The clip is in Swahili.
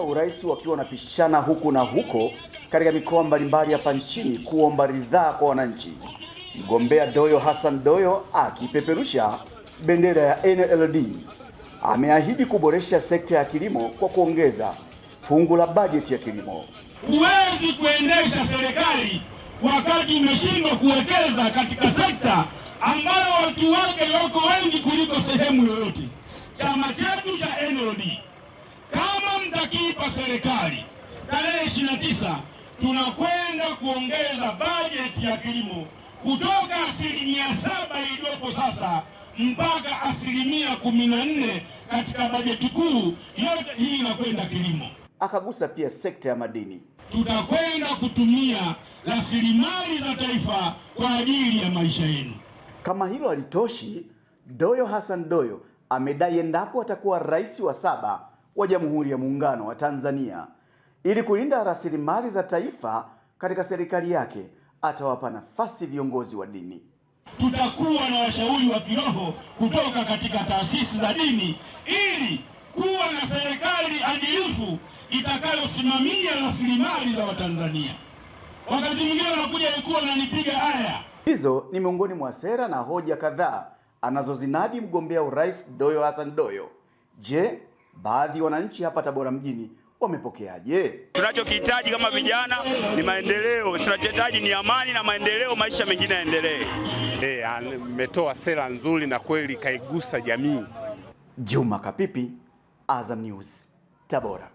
wagombea urais wakiwa wanapishana huku na huko katika mikoa mbalimbali hapa nchini kuomba ridhaa kwa wananchi, mgombea Doyo Hassan Doyo akipeperusha bendera ya NLD ameahidi kuboresha sekta ya kilimo kwa kuongeza fungu la bajeti ya kilimo. Huwezi kuendesha serikali wakati umeshindwa kuwekeza katika sekta ambayo watu wake wako wengi kuliko sehemu yoyote. Chama chetu cha NLD mtakiipa serikali tarehe 29 tunakwenda kuongeza bajeti ya kilimo kutoka asilimia saba iliyopo sasa mpaka asilimia kumi na nne katika bajeti kuu yote hii inakwenda kilimo. Akagusa pia sekta ya madini. Tutakwenda kutumia rasilimali za taifa kwa ajili ya maisha yenu. Kama hilo halitoshi, Doyo Hassan Doyo amedai endapo atakuwa rais wa saba wa Jamhuri ya Muungano wa Tanzania ili kulinda rasilimali za taifa. Katika serikali yake atawapa nafasi viongozi wa dini. Tutakuwa na washauri wa kiroho kutoka katika taasisi za dini ili kuwa na serikali adilifu itakayosimamia rasilimali za Watanzania. Wakati mwingine wanakuja alikuwa ananipiga haya. Hizo ni miongoni mwa sera na hoja kadhaa anazozinadi mgombea urais Doyo Hassan Doyo. Je, Baadhi ya wananchi hapa Tabora mjini wamepokeaje? Tunachokihitaji kama vijana ni maendeleo, tunachohitaji ni amani na maendeleo, maisha mengine yaendelee. Hey, eh, ametoa sera nzuri na kweli kaigusa jamii. Juma Kapipi, Azam News, Tabora.